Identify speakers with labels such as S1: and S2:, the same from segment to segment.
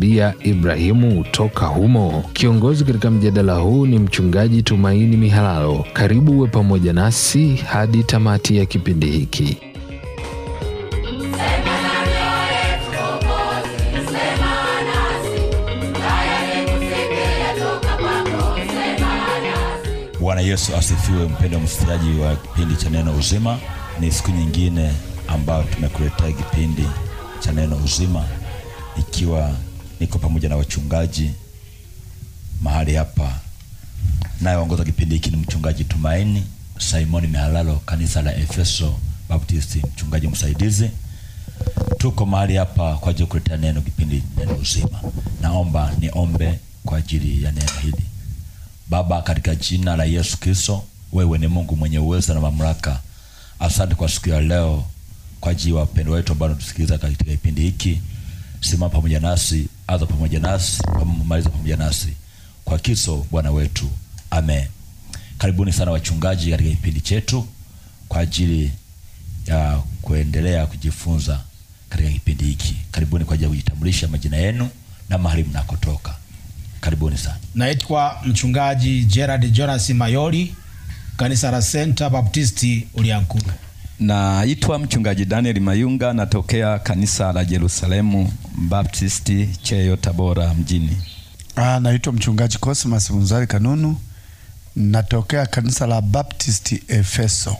S1: kumwambia Ibrahimu toka humo. Kiongozi katika mjadala huu ni Mchungaji Tumaini Mihalalo. Karibu uwe pamoja nasi hadi tamati ya kipindi hiki.
S2: Bwana Yesu asifiwe. Mpendo msikilizaji wa kipindi cha Neno Uzima, ni siku nyingine ambayo tumekuletea kipindi cha Neno Uzima ikiwa niko pamoja na wachungaji mahali hapa. Nayeongoza kipindi hiki ni mchungaji Tumaini Simoni Mihalalo, kanisa la Efeso Baptist, mchungaji msaidizi. Tuko mahali hapa kwa ajili ya kuleta neno, kipindi neno uzima. Naomba niombe kwa ajili ya neno hili. Baba, katika jina la Yesu Kristo, wewe ni Mungu mwenye uwezo na mamlaka. Asante kwa siku ya leo, kwa ajili ya wapendwa wetu ambao tunasikiliza katika kipindi hiki simama pamoja nasi, adha pamoja nasi, maliza pamoja nasi kwa kiso Bwana wetu, amen. Karibuni sana wachungaji katika kipindi chetu kwa ajili ya kuendelea kujifunza katika kipindi hiki. Karibuni kwa ajili ya kujitambulisha majina yenu na mahali mnakotoka. Karibuni sana.
S3: Naitwa mchungaji Gerard Jonas Mayoli, kanisa la Senta Baptisti Uliankuru.
S4: Naitwa mchungaji Daniel Mayunga, natokea kanisa la Yerusalemu Baptisti Cheyo, Tabora mjini.
S5: Ah, naitwa mchungaji Cosmas Munzari Kanunu, natokea kanisa la Baptisti Efeso.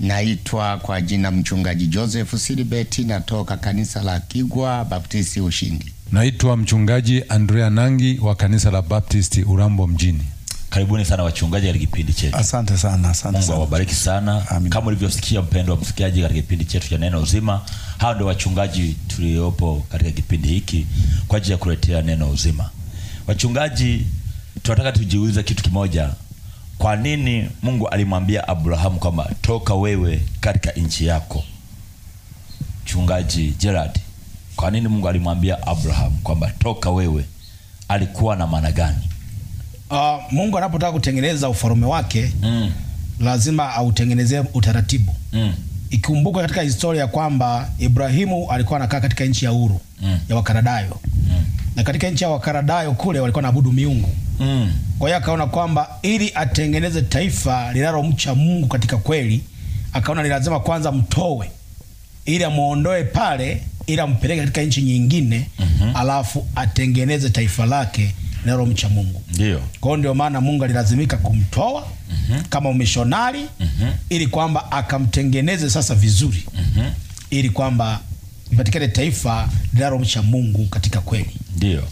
S6: Naitwa kwa jina mchungaji Joseph Silibeti, natoka kanisa la Kigwa Baptisti Ushindi.
S7: Naitwa mchungaji Andrea Nangi wa kanisa la Baptisti Urambo mjini. Karibuni sana wachungaji katika kipindi chetu. Asante sana, asante Mungu awabariki
S2: sana. Amina. Kama ulivyosikia mpendo wa msikiaji, katika kipindi chetu cha neno uzima, hao ndio wachungaji tuliopo katika kipindi hiki kwa ajili ya kuletea neno uzima. Wachungaji, tunataka tujiulize kitu kimoja. Kwa nini Mungu alimwambia Abrahamu kwamba toka wewe katika nchi yako? Mchungaji Gerard, kwa nini Mungu alimwambia Abrahamu kwamba toka wewe? Alikuwa na maana
S3: gani? uh, Mungu anapotaka kutengeneza ufalme wake mm. lazima autengenezee utaratibu mm. Ikumbuka katika historia kwamba Ibrahimu alikuwa anakaa katika nchi ya Uru mm. ya Wakaradayo mm. na katika nchi ya Wakaradayo kule walikuwa naabudu miungu mm. Kwa hiyo akaona kwamba ili atengeneze taifa linalomcha Mungu katika kweli, akaona ni lazima kwanza mtowe ili amuondoe pale, ili ampeleke katika nchi nyingine mm -hmm. alafu atengeneze taifa lake na roho mcha Mungu. Ndio. Kwa hiyo ndio maana Mungu alilazimika kumtoa mm -hmm. kama umishonari mm -hmm. ili kwamba akamtengeneze sasa vizuri mm -hmm. ili kwamba ipatikane taifa mcha Mungu katika kweli.
S2: Ndio.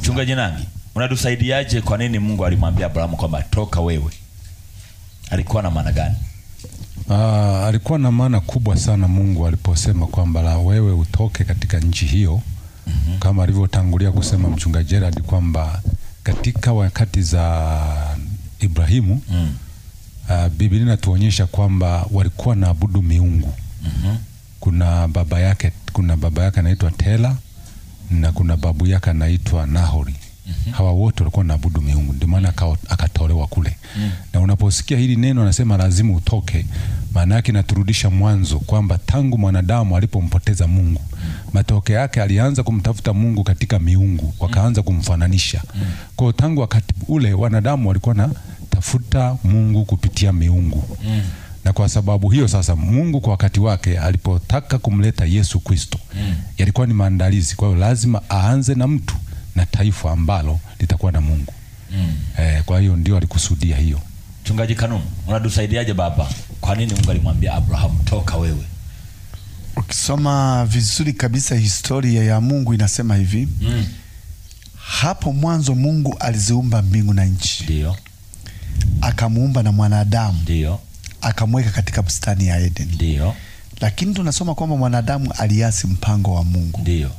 S2: Mchungaji nani? Unatusaidiaje kwa nini Mungu alimwambia Abrahamu kwamba toka wewe? Alikuwa na maana gani?
S7: Ah, alikuwa na maana kubwa sana Mungu aliposema kwamba la wewe utoke katika nchi hiyo mm -hmm. kama alivyotangulia kusema mchungaji Gerard kwamba katika wakati za Ibrahimu mm. uh, Biblia inatuonyesha kwamba walikuwa na abudu miungu mm -hmm. kuna baba yake kuna baba yake anaitwa Tela na kuna babu yake anaitwa Nahori Mm -hmm. Hawa wote walikuwa na abudu miungu, ndio maana akatolewa kule mm -hmm. Na unaposikia hili neno anasema lazima utoke, maana yake inaturudisha mwanzo kwamba tangu mwanadamu alipompoteza Mungu, matokeo yake alianza kumtafuta Mungu katika miungu, wakaanza kumfananisha. Kwa tangu wakati ule wanadamu walikuwa na tafuta Mungu kupitia miungu na kwa sababu hiyo sasa, Mungu kwa wakati wake alipotaka kumleta Yesu Kristo mm. yalikuwa ni maandalizi. Kwa hiyo lazima aanze na mtu na taifa ambalo litakuwa na Mungu mm. Eh, kwa hiyo ndio alikusudia hiyo.
S2: Mchungaji Kanunu, unadusaidiaje baba? Kwa nini Mungu alimwambia Abrahamu toka wewe?
S7: Ukisoma vizuri
S5: kabisa historia ya Mungu inasema hivi mm. Hapo mwanzo Mungu aliziumba mbingu na nchi, ndio akamuumba na mwanadamu, ndio akamweka katika bustani ya Eden, ndio lakini tunasoma kwamba mwanadamu aliasi mpango wa Mungu, ndio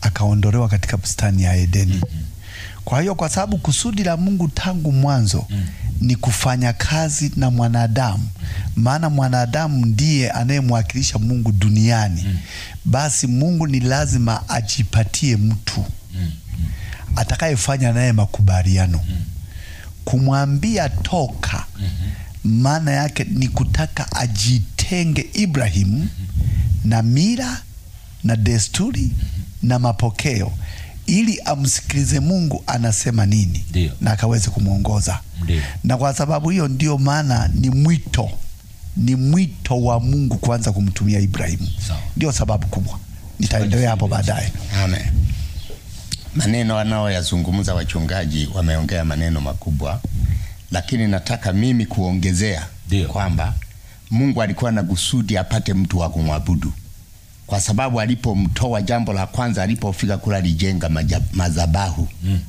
S5: akaondolewa katika bustani ya Edeni. mm -hmm. Kwa hiyo kwa sababu kusudi la Mungu tangu mwanzo mm. ni kufanya kazi na mwanadamu, maana mwanadamu ndiye anayemwakilisha Mungu duniani mm. basi Mungu ni lazima ajipatie mtu mm. mm. atakayefanya naye makubaliano mm. kumwambia toka
S7: mm -hmm.
S5: maana yake ni kutaka ajitenge Ibrahimu mm -hmm. na mila na desturi mm -hmm. na mapokeo ili amsikilize Mungu anasema nini Dio. na akaweze kumwongoza na kwa sababu hiyo ndio maana ni mwito, ni mwito wa Mungu kwanza kumtumia Ibrahimu. Ndio sababu kubwa, nitaendelea hapo baadaye.
S6: Amen. Maneno anaoyazungumza wachungaji wameongea maneno makubwa, lakini nataka mimi kuongezea kwamba Mungu alikuwa na kusudi apate mtu wa kumwabudu kwa sababu alipomtoa, jambo la kwanza alipofika kule alijenga madhabahu mm.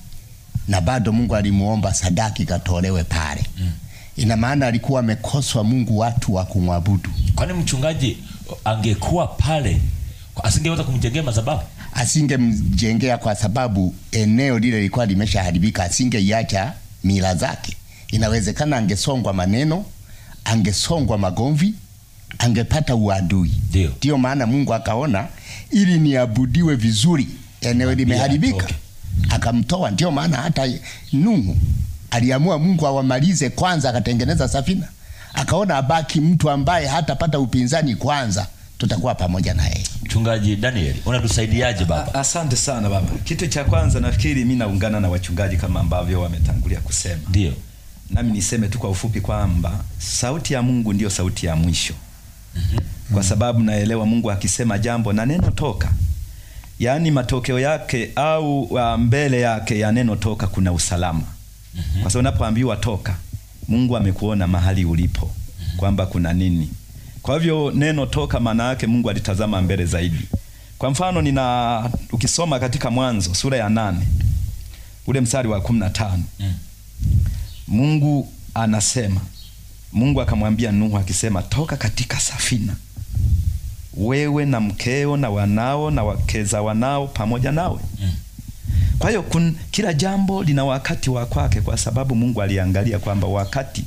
S6: na bado Mungu alimuomba sadaki katolewe pale mm. ina maana alikuwa amekoswa Mungu watu wa kumwabudu.
S2: Kwani mchungaji angekuwa pale asingeweza kumjengea madhabahu?
S6: Asingemjengea kwa sababu eneo lile lilikuwa limeshaharibika, asingeiacha mila zake. Inawezekana angesongwa maneno, angesongwa magomvi angepata uadui. Ndio maana Mungu akaona ili niabudiwe vizuri eneo limeharibika, okay. Akamtoa. Ndio maana hata Nuhu aliamua Mungu awamalize kwanza, akatengeneza safina, akaona abaki mtu ambaye hatapata upinzani kwanza, tutakuwa pamoja na yeye.
S2: Mchungaji
S4: Daniel, unatusaidiaje baba? Asante sana baba. Kitu cha kwanza nafikiri mimi naungana na wachungaji kama ambavyo wametangulia kusema, ndio nami niseme tu kwa ufupi kwamba sauti ya Mungu ndiyo sauti ya mwisho. Mhm. kwa sababu naelewa Mungu akisema jambo na neno toka, yaani matokeo yake au uh, mbele yake ya neno toka kuna usalama, mhm. kwa sababu unapoambiwa toka, Mungu amekuona mahali ulipo mhm. kwamba kuna nini. Kwa hivyo neno toka, maana yake Mungu alitazama mbele zaidi. Kwa mfano nina ukisoma katika Mwanzo sura ya nane ule mstari wa kumi na tano mm. Mungu anasema Mungu akamwambia Nuhu akisema, toka katika safina, wewe na mkeo na wanao na wakeza wanao pamoja nawe. Hmm. Kwa hiyo kila jambo lina wakati wa kwake, kwa sababu Mungu aliangalia kwamba wakati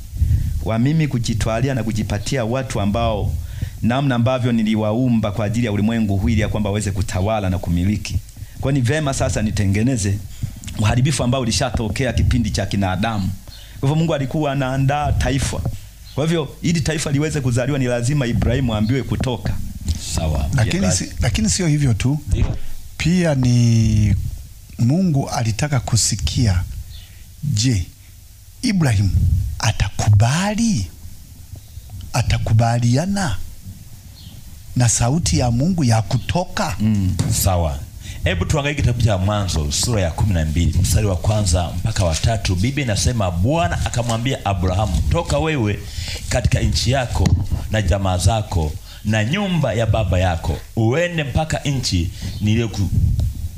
S4: wa mimi kujitwalia na kujipatia watu ambao namna ambavyo niliwaumba kwa ajili ya ulimwengu huu, ili ya kwamba waweze kutawala na kumiliki. Kwa ni vema sasa nitengeneze uharibifu ambao ulishatokea kipindi cha kina Adamu. Kwa hivyo Mungu alikuwa anaandaa taifa kwa hivyo ili taifa liweze kuzaliwa ni lazima Ibrahimu aambiwe kutoka. Sawa. Lakini si,
S5: lakini sio hivyo tu. Ndiyo. Pia ni Mungu alitaka kusikia, je, Ibrahimu atakubali? Atakubaliana na sauti ya Mungu ya kutoka? Mm,
S2: sawa. Hebu tuangalie kitabu cha Mwanzo sura ya kumi na mbili mstari wa kwanza mpaka wa tatu. Biblia inasema Bwana akamwambia Abrahamu, toka wewe katika nchi yako na jamaa zako na nyumba ya baba yako, uende mpaka nchi niliyoku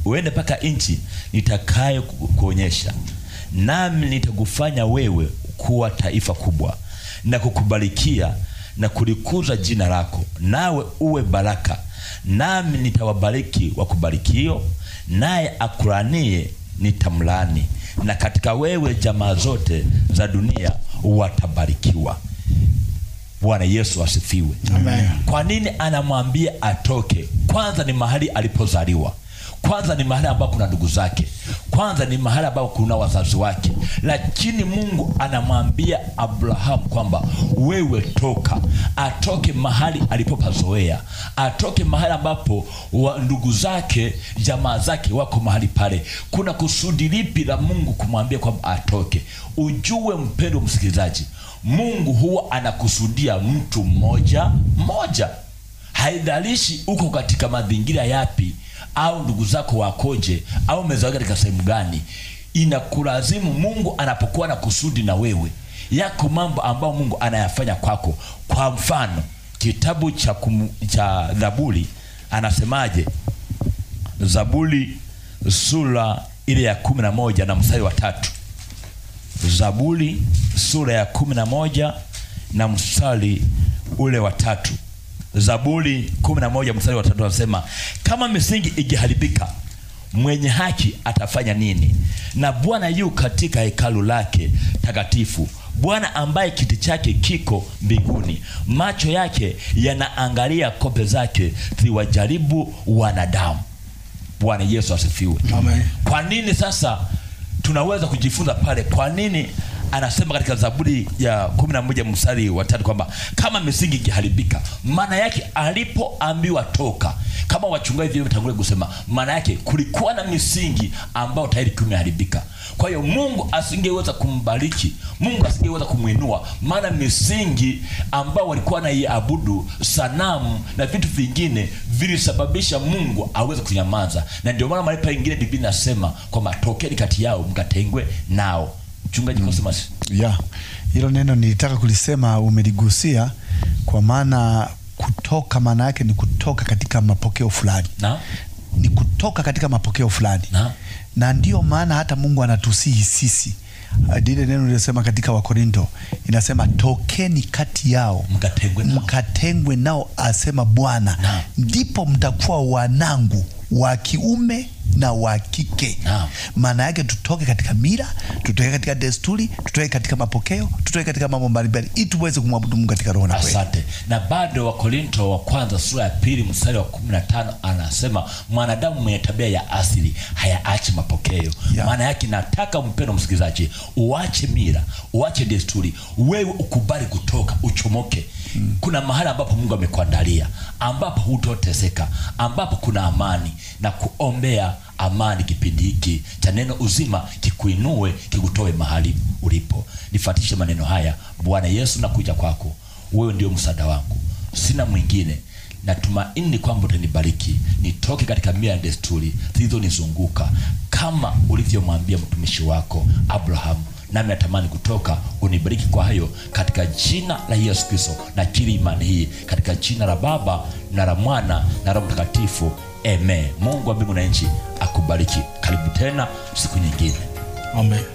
S2: uende mpaka nchi nitakayo kuonyesha, nami nitakufanya wewe kuwa taifa kubwa na kukubarikia na kulikuza jina lako, nawe uwe baraka nami nitawabariki wakubarikio, naye akulaniye nitamlani, na katika wewe jamaa zote za dunia watabarikiwa. Bwana Yesu asifiwe. Amen. Kwa nini anamwambia atoke? Kwanza ni mahali alipozaliwa kwanza ni mahali ambapo kuna ndugu zake, kwanza ni mahali ambapo kuna wazazi wake, lakini Mungu anamwambia Abrahamu kwamba wewe toka, atoke mahali alipopazoea, atoke mahali ambapo ndugu zake, jamaa zake wako mahali pale. Kuna kusudi lipi la Mungu kumwambia kwamba atoke? Ujue mpendo msikilizaji, Mungu huwa anakusudia mtu mmoja mmoja, haidhalishi uko katika mazingira yapi au ndugu zako wakoje au umezaliwa katika sehemu gani, inakulazimu Mungu anapokuwa na kusudi na wewe, yako mambo ambayo Mungu anayafanya kwako. Kwa mfano kitabu cha kum, cha Zaburi anasemaje? Zaburi sura ile ya kumi na moja na mstari wa tatu. Zaburi sura ya kumi na moja na mstari ule wa tatu Zaburi 11 mstari wa 3 anasema, kama misingi ikiharibika mwenye haki atafanya nini? Na Bwana yu katika hekalu lake takatifu. Bwana ambaye kiti chake kiko mbinguni, macho yake yanaangalia kope zake ziwajaribu wanadamu. Bwana Yesu asifiwe. Amen. Kwa nini sasa tunaweza kujifunza pale? Kwa nini anasema katika Zaburi ya kumi na moja mstari wa tatu kwamba kama misingi ikiharibika, maana yake alipoambiwa toka, kama wachungaji vile tangulia kusema, maana yake kulikuwa na misingi ambayo tayari kumeharibika. Kwa hiyo Mungu asingeweza kumbariki, Mungu asingeweza kumwinua, maana misingi ambayo walikuwa naiabudu sanamu na vitu vingine vilisababisha Mungu aweze kunyamaza, na ndio maana mahali pengine Biblia inasema kwamba tokeni kati yao mkatengwe nao. Mchungaji mm. Cosmas.
S5: Yeah. Hilo neno nilitaka kulisema, umeligusia kwa maana kutoka, maana yake ni kutoka katika mapokeo fulani na? ni kutoka katika mapokeo fulani na, na ndiyo maana hata Mungu anatusihi sisi ah, lile neno lilisema katika Wakorinto inasema tokeni kati yao mkatengwe nao, mkatengwe nao asema Bwana, ndipo mtakuwa wanangu wa kiume na wa kike. Maana yake tutoke katika mila, tutoke katika desturi, tutoke katika mapokeo, tutoke katika mambo mbalimbali ili tuweze kumwabudu Mungu katika roho na kweli. Asante.
S2: Na bado wa Korinto wa kwanza sura ya pili mstari wa 15 anasema mwanadamu mwenye tabia ya asili hayaachi mapokeo. Yeah. Maana yake nataka mpendo msikilizaji, uache mila, uache desturi, wewe ukubali kutoka, uchomoke. Hmm. Kuna mahali ambapo Mungu amekuandalia, ambapo hutoteseka, ambapo kuna amani na kuombea amani kipindi hiki cha neno uzima, kikuinue, kikutoe mahali ulipo. Nifatishe maneno haya. Bwana Yesu, nakuja kwako, wewe ndio msaada wangu, sina mwingine. Natumaini kwamba utanibariki nitoke katika mila na desturi zilizonizunguka kama ulivyomwambia mtumishi wako Abrahamu, nami natamani kutoka, unibariki kwa hayo, katika jina la Yesu Kristo nakiri imani hii, katika jina la Baba na la Mwana na la Mtakatifu amen.
S1: Mungu wa mbingu na nchi akubariki.
S2: Karibu tena siku nyingine. Amen.